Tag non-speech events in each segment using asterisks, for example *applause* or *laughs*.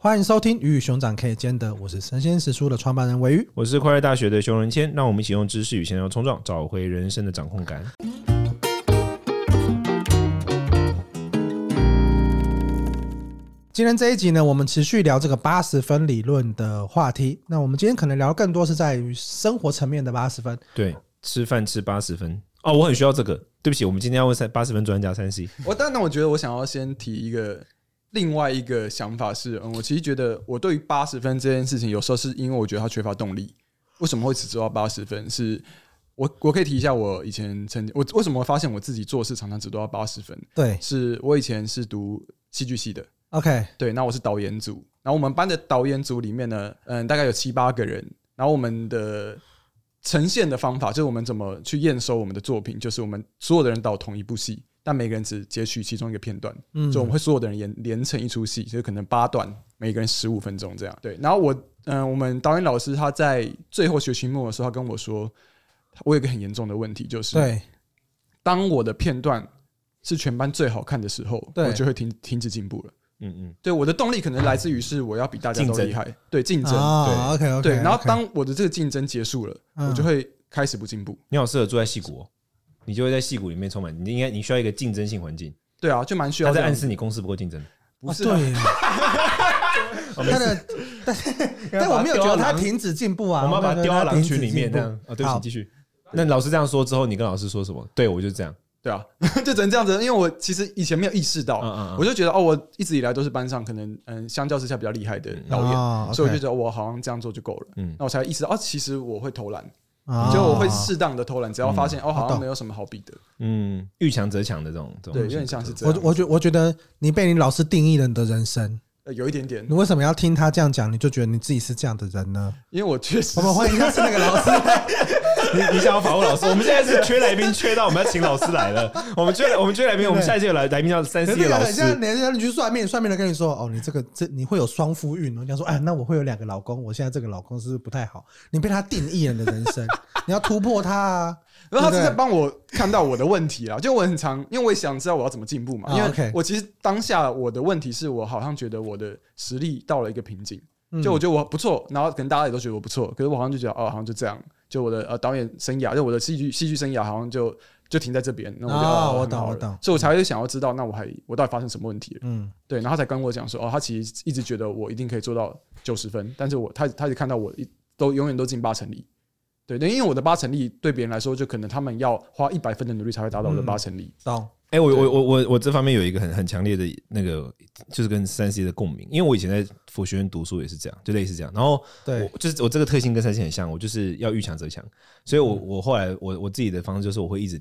歡迎收聽《魚與熊掌可以兼得》，我是神仙時書的創辦人維宇，我是快樂大學的熊仁謙，讓我們一起用知識與現實衝撞，找回人生的掌控感。今天這一集呢，我們持續聊這個八十分理論的話題。那我們今天可能聊更多是在於生活層面的八十分，對，吃飯吃八十分哦，我很需要這個。對不起，我們今天要問三八十分專家三希，我但，那我覺得我想要先提一個。另外一個想法是，嗯，我其實覺得，我對於八十分這件事情，有時候是因為我覺得它缺乏動力。為什麼會只做到八十分？是我，我我可以提一下，我以前曾經，我為什麼會發現我自己做事常常只做到八十分？對，是我以前是讀戲劇系的。OK，對，那我是導演組，然後我們班的導演組裡面呢，嗯，大概有七八個人，然後我們的呈現的方法就是我們怎麼去驗收我們的作品，就是我們所有的人導同一部戲。那每個人只截取其中一個片段，嗯，就我們會所有的人連連成一出戲，就是可能八段，每個人十五分鐘這樣。對，然後我，嗯、呃，我們導演老師他在最後學期末的時候，他跟我說，我有一個很嚴重的問題，就是，對，當我的片段是全班最好看的時候，對我就會停停止進步了。嗯嗯，對，我的動力可能來自於是我要比大家都厲害，對，競爭，對 OK OK。對，然後當我的這個競爭結束了，嗯、我就會開始不進步。你好，適合住在戲國。你就會在戲骨裡面充滿，你應該你需要一個競爭性環境。對啊，就蠻需要。他在暗示你公司不夠競爭。不是。對。但我沒有覺得他停止進步啊。我們要把他丟到狼群裡面那樣啊。對不起，繼續。那老師這樣說之後，你跟老師說什麼？對我就是這樣。對啊，就只能這樣子，因為我其實以前沒有意識到，我就覺得哦，我一直以來都是班上可能嗯相較之下比較厲害的導演，所以我就覺得我好像這樣做就夠了。那我才意識到，哦，其實我會投籃。就我會適當的偷懶，只要發現哦、嗯、哦，好像沒有什麼好比的，哦、嗯，遇強則強的這種，這種對，有點像是這種，我我覺得我覺得你被你老師定義了你的人生。有一點點，你為什麼要聽他這樣講，你就覺得你自己是這樣的人呢？因為我確實，我們歡迎他是那個老師， *laughs* 你你想要訪問老師？我們現在是缺來賓，缺到我們要請老師來了。我們缺 *laughs* 我們缺來賓，對對對，我們下一季有來來賓要三四個老師對對對，。現在，現在你去算命，算命的跟你說，哦，你這個這你會有雙夫運哦。講說，哎，那我會有兩個老公，我現在這個老公是不是不太好？你被他定義了的人生， *laughs* 你要突破他啊！然後他正在幫我。看到我的問題了，就我很常，因為我也想知道我要怎麼進步嘛。啊、因為我其實當下我的問題是我好像覺得我的實力到了一個瓶頸，嗯、就我覺得我不錯，然後可能大家也都覺得我不錯，可是我好像就覺得哦，好像就這樣，就我的呃導演生涯，就我的戲劇戲劇生涯好像就就停在這邊。那我就、啊、哦，我懂，我懂，所以我才會想要知道，那我還我到底發生什麼問題了？嗯，對，然後他才跟我講說，哦，他其實一直覺得我一定可以做到九十分，但是我他他也看到我都永遠都進八成裡。對，對，因為我的八成力對別人來說，就可能他們要花一百分的努力才會達到我的八成力。到，嗯，哎對，我我我我我這方面有一個很很強烈的那個，就是跟三希的共鳴。因為我以前在佛學院讀書也是這樣，就類似這樣。然後，對，就是我這個特性跟三希很像，我就是要遇強則強。所以我，我，嗯，我後來我我自己的方式就是我會一直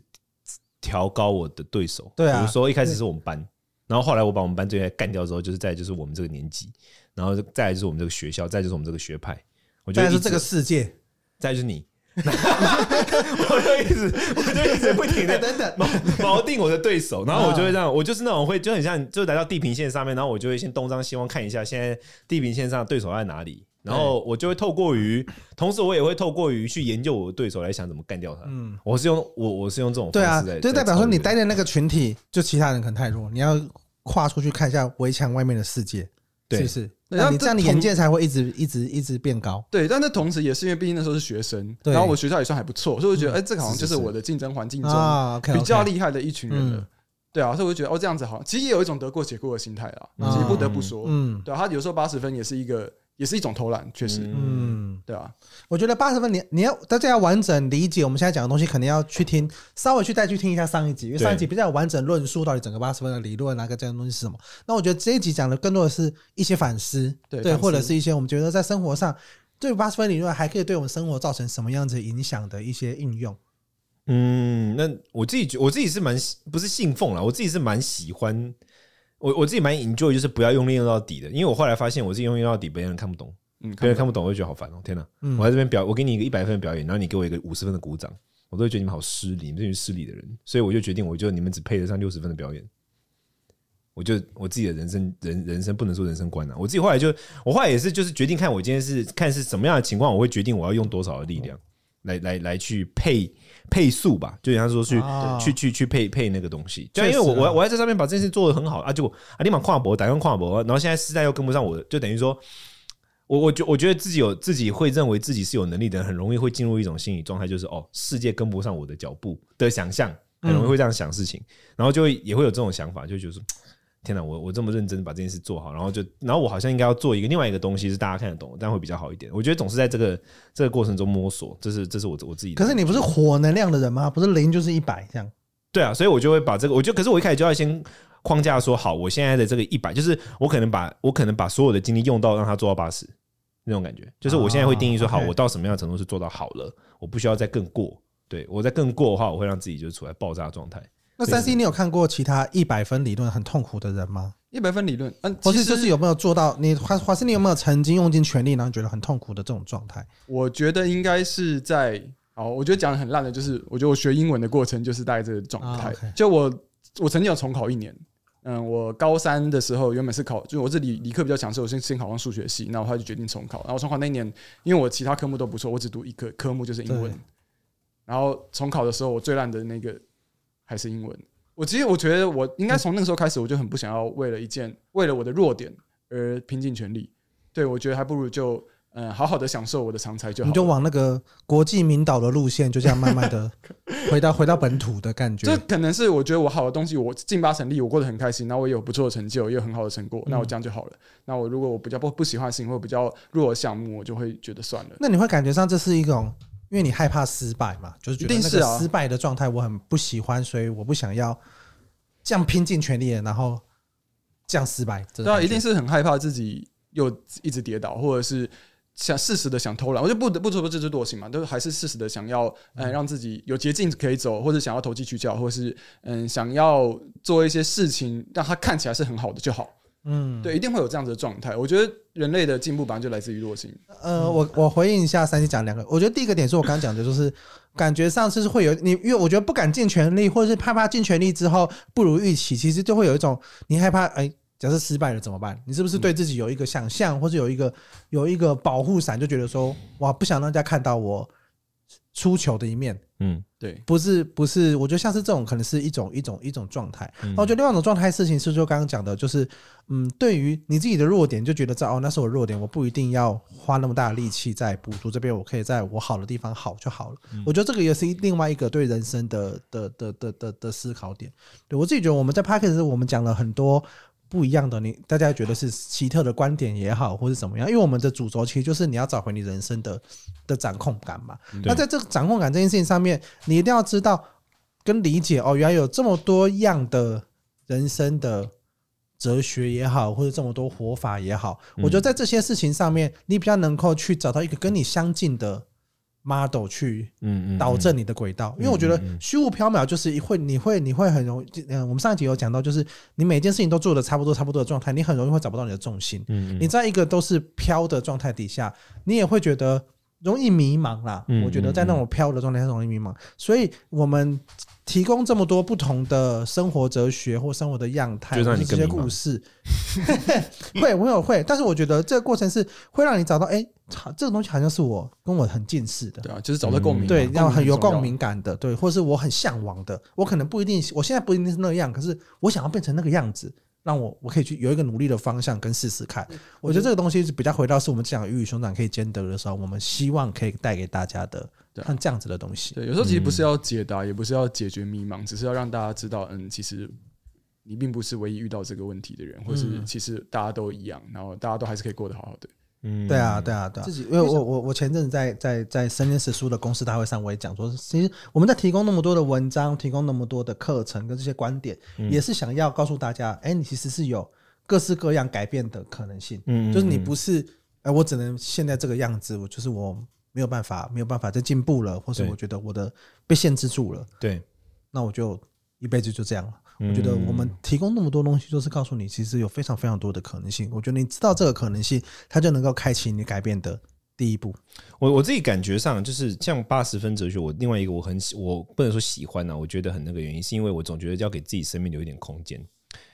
調高我的對手。對，啊，比如說一開始是我們班，對然後後來我把我們班這些幹掉之後，就是再就是我們這個年級，然後再來就是我們這個學校，再就是我們這個學派。我覺得就是這個世界，再就是你。 *laughs* *laughs* 我就一直， *laughs* 我就一直不停的等等錨錨定我的對手，然後我就會這樣，我就是那種會就很像，就來到地平線上面，然後我就會先東張西望看一下現在地平線上對手在哪裡，然後我就會透過於，同時我也會透過於去研究我的對手來想怎麼幹掉他。嗯，我是用我我是用這種方式。對啊，在對，就超代表說你待在那個群體，就其他人可能太弱，你要跨出去看一下圍牆外面的世界，是不是？對，然後這樣你眼界才會一直一直一直變高。對，但是同時也是因為畢竟那時候是學生，然後我學校也算還不錯，所以我覺得，哎、嗯欸，這個、好像就是我的競爭環境中比較厲害的一群人了。對啊，所以我覺得哦，這樣子好。其實也有一種得過且過的心態啦，其實不得不說，嗯，對、啊，他有時候八十分也是一個。也是一種偷懶，確實。嗯，對吧、啊？我覺得八十分你，你你要大家要完整理解我們現在講的東西，可能要去聽，稍微去再去聽一下上一集，因為上一集比較完整論述到底整個八十分的理論，那個這樣東西是什麼。那我覺得這一集講的更多的是一些反思，對，對或者是一些我們覺得在生活上對八十分的理論還可以對我們生活造成什麼樣子影響的一些應用。嗯，那我自己覺我自己是蠻不是信奉啦，我自己是蠻喜歡。我我自己蠻研究，就是不要用力用到底的，因為我後來發現，我自己用力用到底，別人看不懂，別人看不懂，我會覺得好煩哦！天哪、啊，我在這邊表，我給你一個一百分的表演，然後你給我一個五十分的鼓掌，我都會覺得你們好失禮，你們這群失禮的人，所以我就決定，我就你們只配得上六十分的表演。我就我自己的人生，人人生不能說人生觀啊，我自己後來就，我後來也是就是決定看我今天是看是什麼樣的情況，我會決定我要用多少的力量。來來來去配配速吧，就像說去、oh. 去去去配配那個東西，就因為我我我要在上面把這件事做得很好啊就，結果啊立馬跨博，打算跨博，然後現在時代又跟不上我的，就等於說，我我覺我覺得自己有自己會認為自己是有能力的人，很容易會進入一種心理狀態，就是哦，世界跟不上我的腳步的想象，很容易會這樣想事情，嗯、然後就也會有這種想法，就覺得說。天吶，我我這麼認真把這件事做好，然後就，然後我好像應該要做一個另外一個東西，是大家看得懂的，但會比較好一點。我覺得總是在這個這個過程中摸索，這是這是我我自己的。可是你不是火能量的人嗎？不是零就是一百這樣。對啊，所以我就會把這個，我就可是我一開始就要先框架說好，我現在的這個一百，就是我可能把我可能把所有的精力用到讓它做到八十那種感覺，就是我現在會定義說、啊、好，okay、我到什麼樣程度是做到好了，我不需要再更過。對我再更過的話，我會讓自己就處在爆炸狀態。那三希，你有看過其他一百分理論很痛苦的人嗎？一百分理論，嗯、啊，不是，就是有沒有做到你華華師？你有沒有曾經用盡全力，然後覺得很痛苦的這種狀態？我覺得應該是在哦。我覺得講得很爛的，就是我覺得我學英文的過程就是大概這個狀態、啊。Okay、就我，我曾經有重考一年。嗯，我高三的時候原本是考，就我是理理科比較強勢，我先先考上數學系，然後他就決定重考。然後重考那一年，因為我其他科目都不錯，我只讀一科,科目就是英文。對然後重考的時候，我最爛的那個。還是英文。我其實我覺得我應該從那個時候開始，我就很不想要為了一件為了我的弱點而拼盡全力。對，我覺得還不如就嗯、呃、好好的享受我的長才就好，你就往那個國際名導的路線，就這樣慢慢的回到回到本土的感覺。這 *laughs* 可能是我覺得我好的東西，我盡八成力，我過得很開心。那我也有不錯的成就，也有很好的成果，那我這樣就好了。那我如果我比較不不喜歡的事情，或比較弱的項目，我就會覺得算了。嗯、那你會感覺上這是一種。因為你害怕失敗嘛，就是覺得失敗的狀態我很不喜歡，啊、所以我不想要這樣拼盡全力的，然後這樣失敗。對啊，一定是很害怕自己又一直跌倒，或者是想適時的想偷懶，我就不得不說這是惰性嘛，就是還是適時的想要，嗯、呃，讓自己有捷徑可以走，或者想要投機取巧，或者是嗯，想要做一些事情讓它看起來是很好的就好。嗯，對，一定會有這樣子的狀態。我覺得人類的進步本來就來自於惰性。呃，我我回應一下三希講的兩個。我覺得第一個點是我剛剛講的，就是 *laughs* 感覺上次是會有你，因為我覺得不敢盡全力，或者是怕怕盡全力之後不如預期，其實就會有一種你害怕，哎、欸，假設失敗了怎麼辦？你是不是對自己有一個想象，或者有一個有一個保護傘，就覺得說哇，不想讓人家看到我。出球的一面，嗯，對，不是不是，我覺得像是這種可能是一種一種一種狀態。那我覺得另外一種狀態事情是，就剛剛講的，就是，嗯，對於你自己的弱點，就覺得在哦，那是我弱點，我不一定要花那麼大力氣在補足這邊，我可以在我好的地方好就好了。嗯、我覺得這個也是另外一個對人生的的的的的的思考點。對我自己覺得我們在 podcast 我們講了很多。不一樣的你，大家覺得是奇特的觀點也好，或是怎麼樣？因為我們的主軸其實就是你要找回你人生的的掌控感嘛。對那在這個掌控感這件事情上面，你一定要知道跟理解哦，原來有這麼多樣的人生的哲學也好，或者這麼多活法也好。嗯、我覺得在這些事情上面，你比較能夠去找到一個跟你相近的。model 去嗯嗯導正你的軌道，嗯嗯、因為我覺得虛無縹緲就是會你會你會很容易嗯、呃，我們上一集有講到，就是你每件事情都做的差不多差不多的狀態，你很容易會找不到你的重心。嗯，嗯你在一個都是飄的狀態底下，你也會覺得容易迷茫啦。嗯、我覺得在那種飄的狀態很容易迷茫，嗯嗯、所以我們提供這麼多不同的生活哲學或生活的樣態，一些故事迷 *laughs* *laughs* 會我有會，但是我覺得這個過程是會讓你找到欸。欸這個東西好像是我跟我很近似的，對、啊，就是找到共鳴，嗯、對，然後很有共鳴感的、的對，或者是我很嚮往的，我可能不一定，我現在不一定是那個樣，可是我想要變成那個樣子，讓我我可以去有一個努力的方向跟試試看。嗯、我覺得這個東西是比較回到是我們講魚與熊掌可以兼得的時候，我們希望可以帶給大家的，像、啊、這樣子的東西。對，有時候其實不是要解答，嗯、也不是要解決迷茫，只是要讓大家知道，嗯，其實你並不是唯一遇到這個問題的人，或是其實大家都一樣，然後大家都還是可以過得好好的。嗯，對啊，對啊，對啊。自己，因為我我我前陣子在在在 s e 史書的公司大會上，我也講說，其實我們在提供那麼多的文章，提供那麼多的課程跟這些觀點，嗯、也是想要告訴大家，哎、欸，你其實是有各式各樣改變的可能性。嗯，就是你不是，哎、呃，我只能現在這個樣子，我就是我沒有辦法，沒有辦法再進步了，或是我覺得我的被限制住了。對，那我就一輩子就這樣了。我覺得我們提供那麼多東西，就是告訴你，其實有非常非常多的可能性。我覺得你知道這個可能性，它就能夠開啟你改變的第一步。我、嗯、我自己感覺上，就是像八十分哲學。我另外一個我很喜我不能說喜歡呢、啊，我覺得很那個原因，是因為我總覺得要給自己生命留一點空間。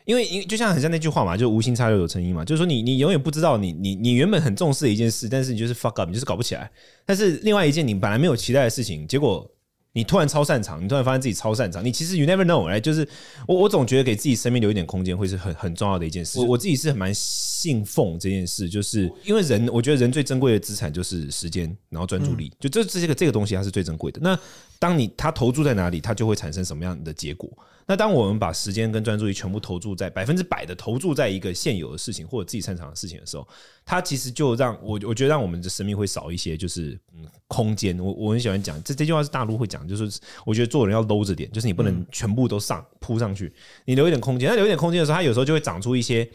因為，因就像很像那句話嘛，就無心插柳有成蔭嘛，就是說你你永遠不知道你你你原本很重視的一件事，但是你就是 fuck up，你就是搞不起來。但是另外一件你本來沒有期待的事情，結果。你突然超擅長，你突然發現自己超擅長，你其實 you never know，哎、right?，就是我我總覺得給自己生命留一點空間會是很很重要的一件事。我我自己是蠻信奉這件事，就是因為人，我覺得人最珍貴的資產就是時間，然後專注力，嗯、就,就這這些個這個東西，它是最珍貴的。那當你它投注在哪裡，它就會產生什麼樣的結果？那當我們把時間跟專注力全部投注在百分之百的投注在一個現有的事情或者自己擅長的事情的時候，它其實就讓我我覺得讓我們的生命會少一些，就是嗯空間。我我很喜歡講這這句話是大陸會講，就是我覺得做人要 low 着點，就是你不能全部都上鋪上去，你留一點空間。那留一點空間的時候，它有時候就會長出一些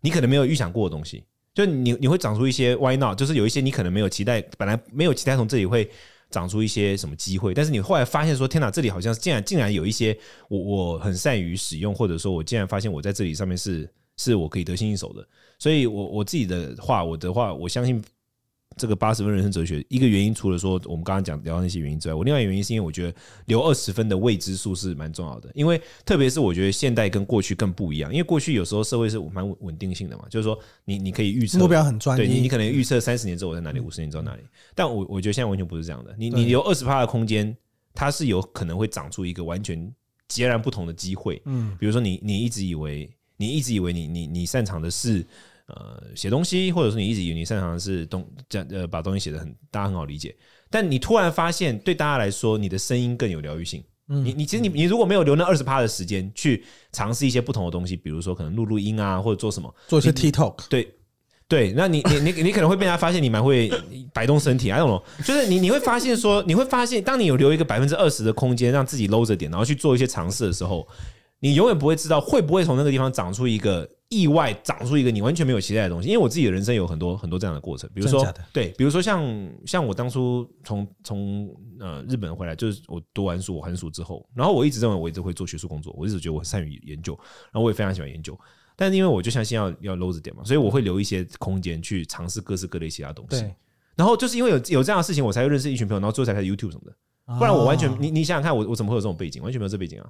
你可能沒有預想過的東西，就你你會長出一些歪鬧，就是有一些你可能沒有期待，本來沒有期待從這裡會。長出一些什麼機會，但是你後來發現說，天哪，這裡好像竟然竟然有一些我我很善於使用，或者說我竟然發現我在這裡上面是是我可以得心應手的，所以我我自己的話，我的話，我相信，這個八十分人生哲學，一個原因除了說我們剛剛講聊那些原因之外，我另外一個原因是因為我覺得留二十分的未知數是蠻重要的，因為特別是我覺得現代跟過去更不一樣，因為過去有時候社會是蠻穩定性的嘛，就是說你你可以預測目標很專，對你你可能預測三十年之後我在哪裡，五十年之後在哪裡，但我我覺得現在完全不是這樣的，你你留二十趴的空間，它是有可能會長出一個完全截然不同的機會，嗯，比如說你你一直以為你一直以為你你你擅長的是。呃，寫東西，或者說你一直以為你擅長的是東這樣呃，把東西寫得很，大家很好理解。但你突然發現，對大家來說，你的聲音更有療癒性。嗯，你你其實你你如果沒有留那二十趴的時間去嘗試一些不同的東西，比如說可能錄錄音啊，或者做什麼，做一些 TikTok。對對，那你你你你可能會被大家發現你蠻會擺動身體，還有 *laughs* 就是你你會發現說，你會發現，當你有留一個百分之二十的空間，讓自己摟着點，然後去做一些嘗試的時候。你永遠不會知道會不會從那個地方長出一個意外，長出一個你完全沒有期待的東西。因為我自己的人生有很多很多這樣的過程，比如說對，比如說像像我當初從從呃日本回來，就是我讀完書，我寒暑之後，然後我一直認為我一直會做學術工作，我一直覺得我善於研究，然後我也非常喜歡研究。但是因為我就相信要要 low 着點嘛，所以我會留一些空間去嘗試各式各類其他東西。然後就是因為有有這樣的事情，我才會認識一群朋友，然後最後才開始 YouTube 什麼的。不然我完全，你你想想看，我我怎麼會有這種背景？完全沒有這背景啊。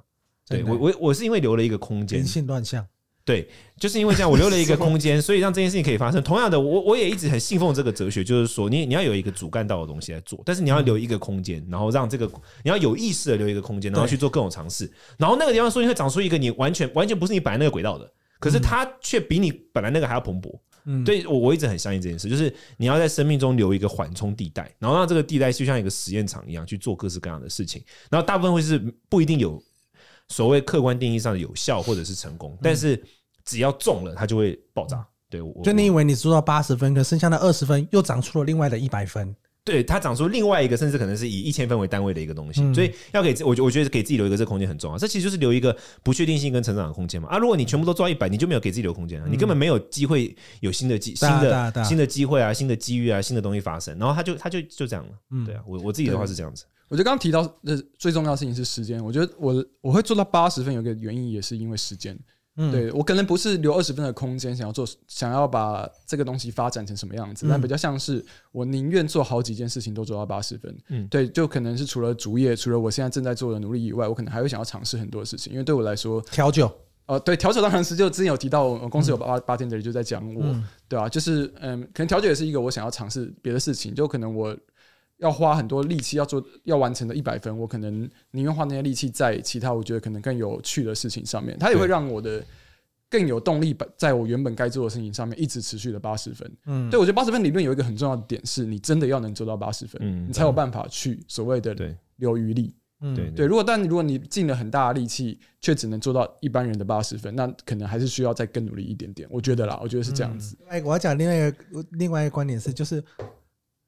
對，我我我是因為留了一個空間，人性亂象。對，就是因為這樣，我留了一個空間，所以讓這件事情可以發生。同樣的，我我也一直很信奉這個哲學，就是說你，你你要有一個主幹道的東西來做，但是你要留一個空間，然後讓這個你要有意識的留一個空間，然後去做各種嘗試，對然後那個地方說，你會長出一個你完全完全不是你本來那個軌道的，可是它卻比你本來那個還要蓬勃。嗯，對我我一直很相信這件事，就是你要在生命中留一個緩衝地帶，然後讓這個地帶就像一個實驗場一樣去做各式各樣的事情，然後大部分會是不一定有。所謂客觀定義上的有效或者是成功，但是只要中了，它就會爆炸。嗯、對，我就你以為你做到八十分，可剩下的二十分又長出了另外的一百分，對它長出另外一個，甚至可能是以一千分為單位的一個東西。嗯、所以要給自我，我覺得給自己留一個這個空間很重要。這其實就是留一個不確定性跟成長的空間嘛。啊，如果你全部都做到一百，你就沒有給自己留空間，啊，嗯、你根本沒有機會有新的機、新的、啊啊啊啊、新的機會啊、新的機遇啊、新的東西發生。然後它就它就就這樣了。對啊，嗯、我我自己的話是這樣子。我覺得剛剛提到的最重要的事情是時間。我覺得我我會做到八十分，有個原因也是因為時間。嗯，對，我可能不是留二十分的空間，想要做想要把這個東西發展成什麼樣子，但比較像是我寧願做好幾件事情都做到八十分。嗯，對，就可能是除了主業，除了我現在正在做的努力以外，我可能還會想要嘗試很多事情。因為對我來說，調酒，哦，對，調酒當然是就之前有提到我，我公司有八八天的人就在講我，嗯嗯對啊，就是嗯，可能調酒也是一個我想要嘗試別的事情，就可能我。要花很多力氣要做要完成的一百分，我可能寧願花那些力氣在其他我覺得可能更有趣的事情上面，它也會讓我的更有動力，在我原本該做的事情上面一直持續的八十分。嗯，對，我覺得八十分理論有一個很重要的點是，你真的要能做到八十分，嗯、你才有辦法去所謂的留餘力。嗯、對對,對,對，如果但如果你盡了很大的力氣，卻只能做到一般人的八十分，那可能還是需要再更努力一點點。我覺得啦，我覺得是這樣子。哎、嗯，我要講另外一個另外一個觀點是，就是。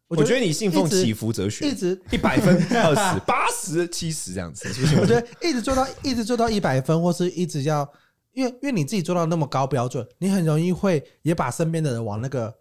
我覺得你信奉起伏哲學，一直一百分、二十、八十、七十這樣子。其實我覺得一直做到一直做到一百分，或是一直要，因為因為你自己做到那麼高標準，你很容易會也把身邊的人往那個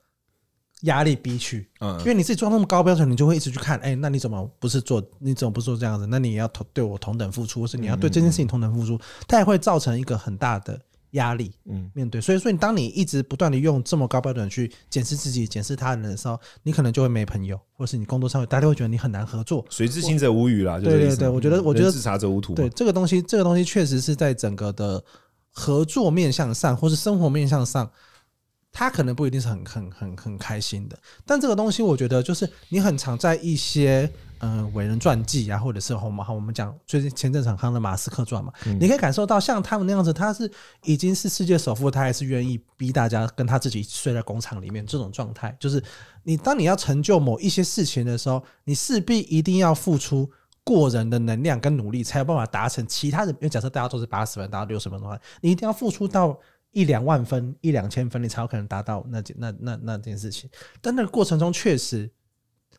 壓力逼去。嗯，嗯，因為你自己做那麼高標準，你就會一直去看，哎、欸，那你怎麼不是做？你怎麼不做這樣子？那你也要同對我同等付出，或是你要對這件事情同等付出，它也會造成一個很大的。壓力，嗯，面對、嗯，所以，所以說你當你一直不斷的用這麼高標準去檢視自己、檢視他人的時候，你可能就會沒朋友，或是你工作上會大家都會覺得你很難合作。水至清則無魚了，我對對對，我覺得我覺得至察者無徒。對，這個東西，這個東西確實是在整個的合作面向上，或是生活面向上，他可能不一定是很很很很開心的。但這個東西，我覺得就是你很常在一些。嗯，呃、偉人傳記啊，或者是好嘛，好，我們講最近前陣子看的馬斯克傳嘛，嗯，你可以感受到像他們那樣子，他是已經是世界首富，他還是願意逼大家跟他自己睡在工廠裡面這種狀態。就是你當你要成就某一些事情的時候，你勢必一定要付出過人的能量跟努力，才有辦法達成。其他人，因為假設大家都是八十分，達到六十分的話，你一定要付出到一兩萬分，一兩千分，你才有可能達到那件那那那，那件事情。但那個過程中，確實。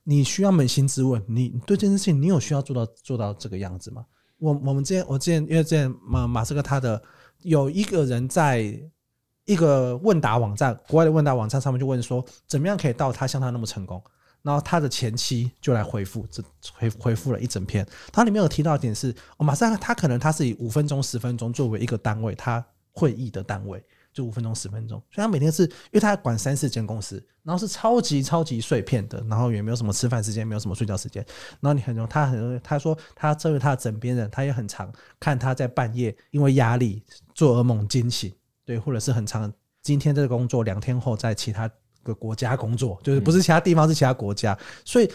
你需要捫心自問，你對這件事情，你有需要做到做到這個樣子嗎？我我們之前我之前因為之前馬馬斯克他的，有一個人在一個問答網站，國外的問答網站上面就問說，怎麼樣可以到他像他那麼成功？然後他的前妻就來回復，這回回復了一整篇。他裡面有提到一點是，馬斯克他可能他是以五分鐘、十分鐘作為一個單位，他會議的單位。就五分鐘十分鐘，所以他每天是因為他要管三四間公司，然後是超級超級碎片的，然後也沒有什麼吃飯時間，沒有什麼睡覺時間，然後你很容易，他很容易，他說他作為他的枕邊人，他也很常看他在半夜因為壓力做噩夢驚醒，對，或者是很常今天這個工作兩天後在其他個國家工作，就是不是其他地方，嗯、是其他國家，所以。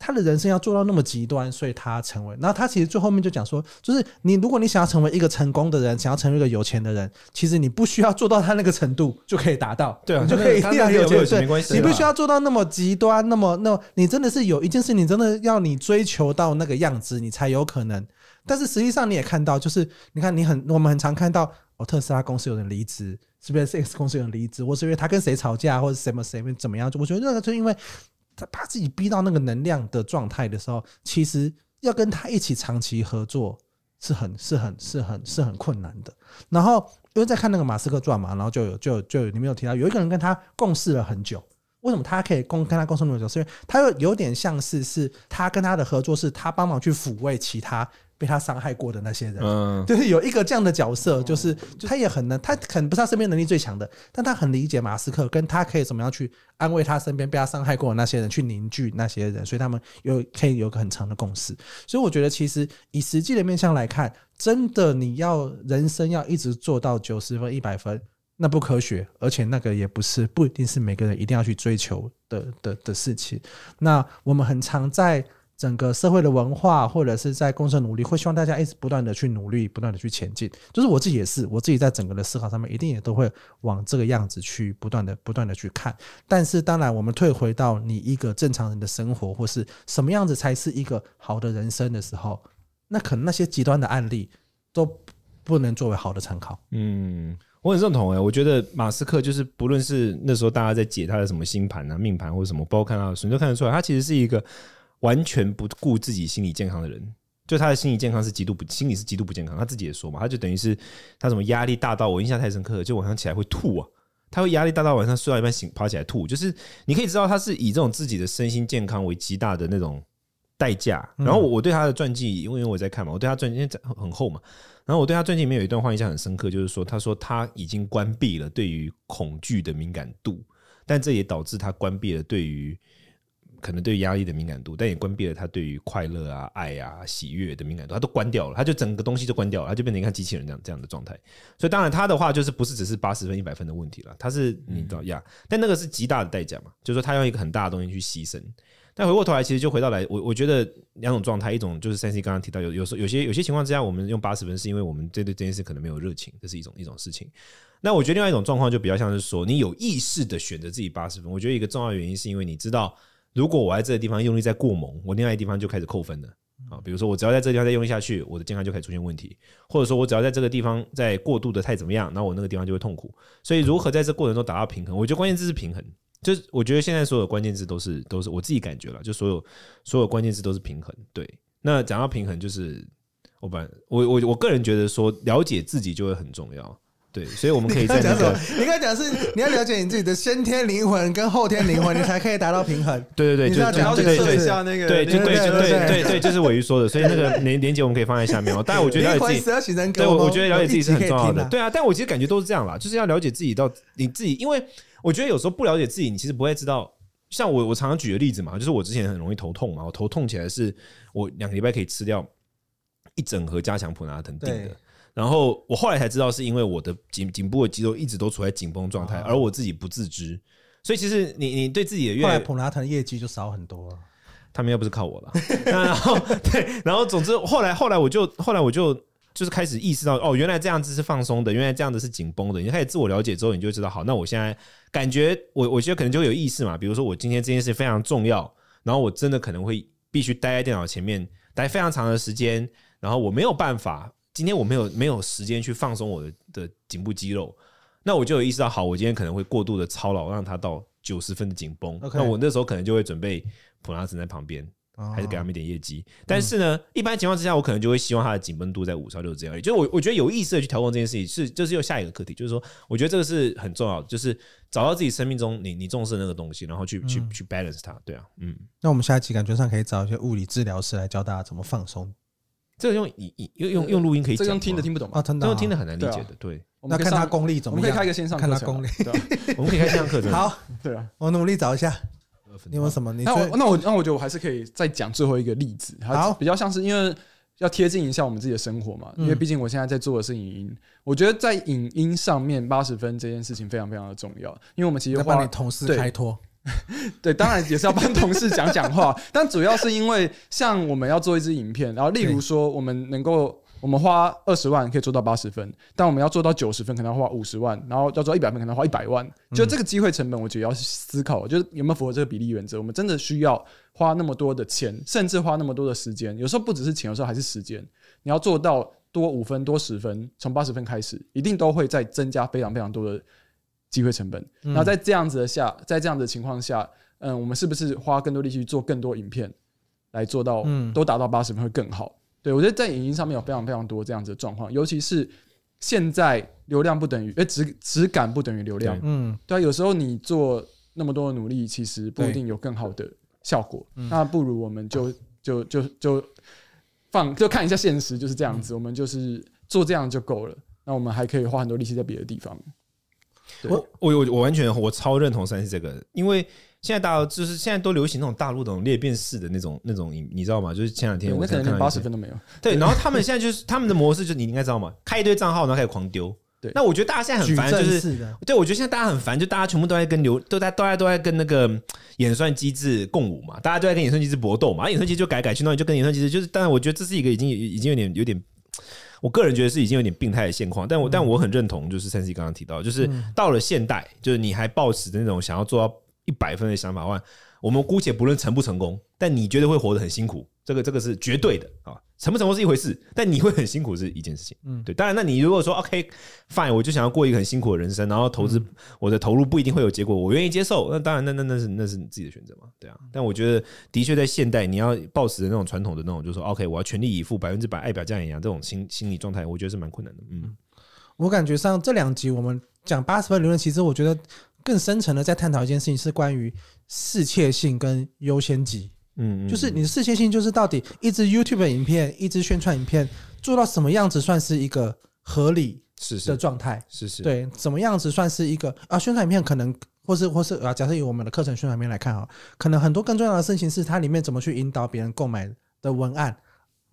他的人生要做到那麼極端，所以他成為。然後他其實最後面就講說，就是你如果你想要成為一個成功的人，想要成為一個有錢的人，其實你不需要做到他那個程度就可以達到，對啊，你就可以有對樣沒關係，你不需要做到那麼極端，那麼那麼你真的是有一件事，你真的要你追求到那個樣子，你才有可能。但是實際上你也看到，就是你看你很我們很常看到哦，特斯拉公司有人離職，是不是？是？X 公司有人離職，或是因為他跟誰吵架，或者什麼誰怎麼樣？我覺得那個就是因為。他把自己逼到那個能量的狀態的時候，其實要跟他一起長期合作是很、是很、是很、是很困難的。然後因為在看那個馬斯克傳嘛，然後就有、就有、就有你沒有提到，有一個人跟他共事了很久。為什麼他可以共跟他共生那麼久？就是因為他又有點像是，是他跟他的合作，是他幫忙去撫慰其他被他傷害過的那些人。嗯，就是有一個這樣的角色，就是他也很能，他可能不是他身邊能力最強的，但他很理解馬斯克，跟他可以怎麼樣去安慰他身邊被他傷害過的那些人，去凝聚那些人，所以他們有可以有個很長的共識。所以我覺得，其實以實際的面向來看，真的你要人生要一直做到九十分、一百分。那不科學，而且那個也不是，不一定是每個人一定要去追求的的的事情。那我們很常在整個社會的文化，或者是在工作努力，會希望大家一直不斷的去努力，不斷的去前進。就是我自己也是，我自己在整個的思考上面，一定也都會往這個樣子去不斷的不斷的去看。但是當然，我們退回到你一個正常人的生活，或是什麼樣子才是一個好的人生的時候，那可能那些極端的案例都不能作為好的參考。嗯。我很認同誒、欸，我覺得馬斯克就是不論是那時候大家在解他的什麼星盤啊、命盤或者什麼，包括看他的書，你都看得出來，他其實是一個完全不顧自己心理健康的人。就他的心理健康是極度不，心理是極度不健康。他自己也說嘛，他就等於是他什麼壓力大到我印象太深刻了，就晚上起來會吐啊，他會壓力大到晚上睡到一半醒，爬起來吐。就是你可以知道他是以這種自己的身心健康為極大的那種代價。然後我對他的傳記，因為我在看嘛，我對他傳記很厚嘛。然後我對他最近裡面有一段話印象很深刻，就是說，他說他已經關閉了對於恐懼的敏感度，但這也導致他關閉了對於可能對於壓力的敏感度，但也關閉了他對於快樂啊、愛啊、喜悅的敏感度，他都關掉了，他就整個東西都關掉了，他就變成一個機器人這樣這樣的狀態。所以當然他的話就是不是只是八十分一百分的問題了，他是你知道呀，嗯、yeah, 但那個是極大的代價嘛，就是說他用一個很大的東西去犧牲。但回過頭來，其實就回到來我我覺得兩種狀態，一種就是三希剛剛提到有有時候有些有些情況之下，我們用八十分是因為我們這對這件事可能沒有熱情，這是一種一種事情。那我覺得另外一種狀況就比較像是說，你有意識的選擇自己八十分。我覺得一個重要原因是因為你知道，如果我在這個地方用力再過猛，我另外一個地方就開始扣分了啊。比如說我只要在這個地方再用力下去，我的健康就開始出現問題，或者說我只要在這個地方再過度的太怎麼樣，那我那個地方就會痛苦。所以如何在這過程中達到平衡，我覺得關鍵這是平衡。就是我覺得現在所有關鍵字都是都是我自己感覺了，就所有所有關鍵字都是平衡。對，那講到平衡，就是我本我我我個人覺得說了解自己就會很重要。對，所以我們可以這樣講。你剛才講是你要了解你自己的先天靈魂跟後天靈魂，你才可以達到平衡。對對對，你要了解一下那個。對對對對對，就是瑋瑜說的。所以那個連連接我們可以放在下面哦。當然，我覺得對，我覺得了解自己是很重要的。對啊，但我其實感覺都是這樣啦，就是要了解自己到你自己，因為我覺得有時候不了解自己，你其實不會知道。像我，我常常舉的例子嘛，就是我之前很容易頭痛嘛，我頭痛起來是我兩個禮拜可以吃掉一整盒加強普拿疼錠的。然後我後來才知道，是因為我的頸頸部的肌肉一直都處在緊繃狀態，而我自己不自知。哦、所以其實你你對自己的後來普拉提斯的業績就少很多，他們又不是靠我了。 *laughs* 然後對，然後總之後來後來我就後來我就就是開始意識到哦，原來這樣子是放鬆的，原來這樣子是緊繃的。你開始自我了解之後，你就知道，好，那我現在感覺我我覺得可能就有意識嘛。比如說我今天這件事非常重要，然後我真的可能會必須待在電腦前面待非常長的時間，然後我沒有辦法。今天我沒有沒有時間去放鬆我的的頸部肌肉，那我就有意識到，好，我今天可能會過度的操勞，讓它到九十分的緊繃。Okay. 那我那時候可能就會準備普拉斯在旁邊，哦、還是給他們一點業績。哦、但是呢，嗯、一般情況之下，我可能就會希望它的緊繃度在五到六這樣。也就我我覺得有意識的去調控這件事情，是就是又下一個課題，就是說，我覺得這個是很重要，就是找到自己生命中你你重視的那個東西，然後去、嗯、去去 balance 它。對啊，嗯。那我們下一期感覺上可以找一些物理治療師來教大家怎麼放鬆。這個用用用用錄音可以。這個用聽的聽不懂嗎？啊，聽的很難理解的，對。那看他功力怎麼樣？我們可以開一個線上課。看他功力，我們可以開線上課。好，對啊，我努力找一下。你有什麼？那那我那我覺得我還是可以再講最後一個例子。好，比較像是因為要貼近一下我們自己的生活嘛，因為畢竟我現在在做的是影音，我覺得在影音上面八十分這件事情非常非常的重要，因為我們其實會幫你同事開脫。 *laughs* 對，當然也是要幫同事講講話， *laughs* 但主要是因為像我們要做一支影片，然後例如說我，我們能夠我們花二十萬可以做到八十分，但我們要做到九十分，可能要花五十萬，然後要做到一百分，可能要花一百萬。就這個機會成本，我覺得要思考，就是有沒有符合這個比例原則。我們真的需要花那麼多的錢，甚至花那麼多的時間。有時候不只是錢，有時候還是時間。你要做到多五分、多十分，從八十分開始，一定都會再增加非常非常多的。機會成本。那在這樣子的下，在這樣子的情況下，嗯，我們是不是花更多力氣去做更多影片，來做到，都達到八十分會更好？對，我覺得在影音上面有非常非常多這樣子的狀況，尤其是現在流量不等於，誒，質質感不等於流量，嗯，對啊。有時候你做那麼多的努力，其實不一定有更好的效果。那不如我們就就就就放，就看一下現實就是這樣子。我們就是做這樣就夠了。那我們還可以花很多力氣在別的地方。我我我我完全我超認同三希這個，因為現在大家就是現在都流行那種大陸那種裂變式的那種那種，你你知道嗎？就是前兩天我才看了八十分都沒有，對。然後他們現在就是他們的模式，就是你應該知道嘛，開一堆賬號然後開始狂丟。對，那我覺得大家現在很煩，就是對我覺得現在大家很煩，就大家全部都在跟流都在都在都在跟那個演算機制共舞嘛，大家都在跟演算機制搏鬥嘛，演算機制就改改去那裡，就跟演算機制就是，當然我覺得這是一個已經已經有點有點。我個人覺得是已經有點病態的現況，但我但我很認同，就是三希剛剛提到，就是到了現代，就是你還抱持那種想要做到一百分的想法的話，我們姑且不論成不成功，但你覺得會活得很辛苦。這個這個是絕對的啊，成不成功是一回事，但你會很辛苦是一件事情。嗯，對，當然，那你如果說 OK fine，我就想要過一個很辛苦的人生，然後投資我的投入不一定會有結果，我願意接受。那當然，那那那是那是你自己的選擇嘛？對啊，但我覺得的確在現代，你要抱持的那種傳統的那種，就是說 OK，我要全力以赴，百分之百愛表家一樣這種心心理狀態，我覺得是蠻困難的。嗯，我感覺上這兩集我們講八十分理論，其實我覺得更深層的在探討一件事情，是關於適切性跟優先級。嗯，嗯，嗯、就是你的適切性，就是到底一支 YouTube 影片，一支宣傳影片做到什麼樣子算是一個合理的狀態？是是對，怎麼樣子算是一個啊？宣傳影片可能，或是或是啊，假設以我們的課程宣傳片來看哈，可能很多更重要的事情是它裡面怎麼去引導別人購買的文案，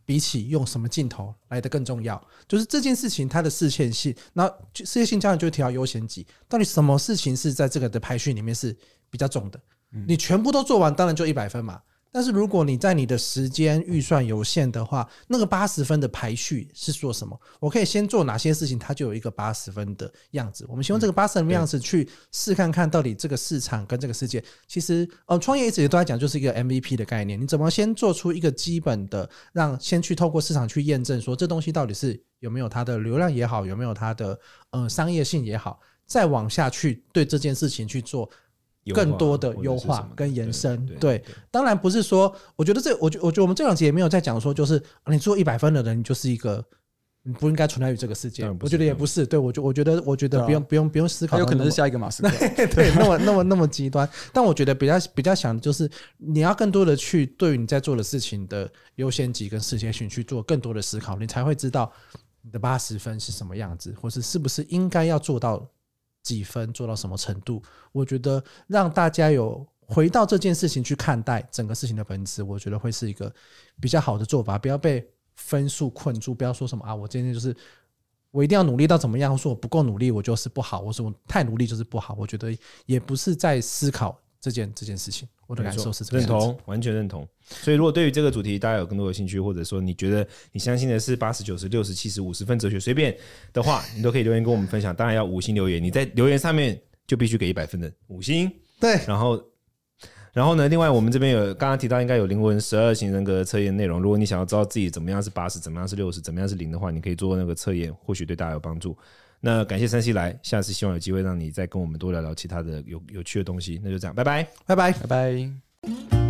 比起用什麼鏡頭來的更重要。就是這件事情它的適切性，那適切性當然星星就提到優先級，到底什麼事情是在這個的排序裡面是比較重的？嗯、你全部都做完，當然就一百分嘛。但是如果你在你的時間預算有限的話，那個八十分的排序是做什麼？我可以先做哪些事情，它就有一個八十分的樣子。我們先用這個八十分的樣子去試看看到底這個市場跟這個世界，其實呃，創業一直都在講就是一個 MVP 的概念。你怎麼先做出一個基本的，讓先去透過市場去驗證，說這東西到底是有沒有它的流量也好，有沒有它的呃商業性也好，再往下去對這件事情去做。更多的優化，化跟延伸，對，對對 當然不是說，我覺得這，我覺，我覺得我們這兩集也沒有在講說，就是你做一百分的人，你就是一個，你不應該存在於這個世界。我覺得也不是，對，對我覺，我覺得，我覺得不用，不用，不用思考，有可能是下一個馬斯克， *laughs* 對，對 那麼那麼那麼極端。但我覺得比較比較想就是，你要更多的去對於你在做的事情的優先級跟時間性去做更多的思考，你才會知道你的八十分是什麼樣子，或是是不是應該要做到。幾分做到什麼程度？我覺得讓大家有回到這件事情去看待整個事情的本質，我覺得會是一個比較好的做法。不要被分數困住，不要說什麼啊！我今天就是我一定要努力到怎麼樣，說我不夠努力我就是不好，我說我太努力就是不好。我覺得也不是在思考。這件這件事情，我的感受是這樣認同，完全認同。所以，如果對於這個主題大家有更多的興趣，或者說你覺得你相信的是八十九十六十七十五十分哲學，隨便的話，你都可以留言跟我們分享。 *laughs* 當然要五星留言，你在留言上面就必須給一百分的五星。對，然後然後呢？另外，我們這邊有剛剛提到應該有靈魂十二型人格的測驗內容。如果你想要知道自己怎麼樣是八十，怎麼樣是六十，怎麼樣是零的話，你可以做那個測驗，或許對大家有幫助。那感謝三希來，下次希望有機會讓你再跟我們多聊聊其他的有有趣的東西。那就這樣，拜拜，拜拜，拜拜。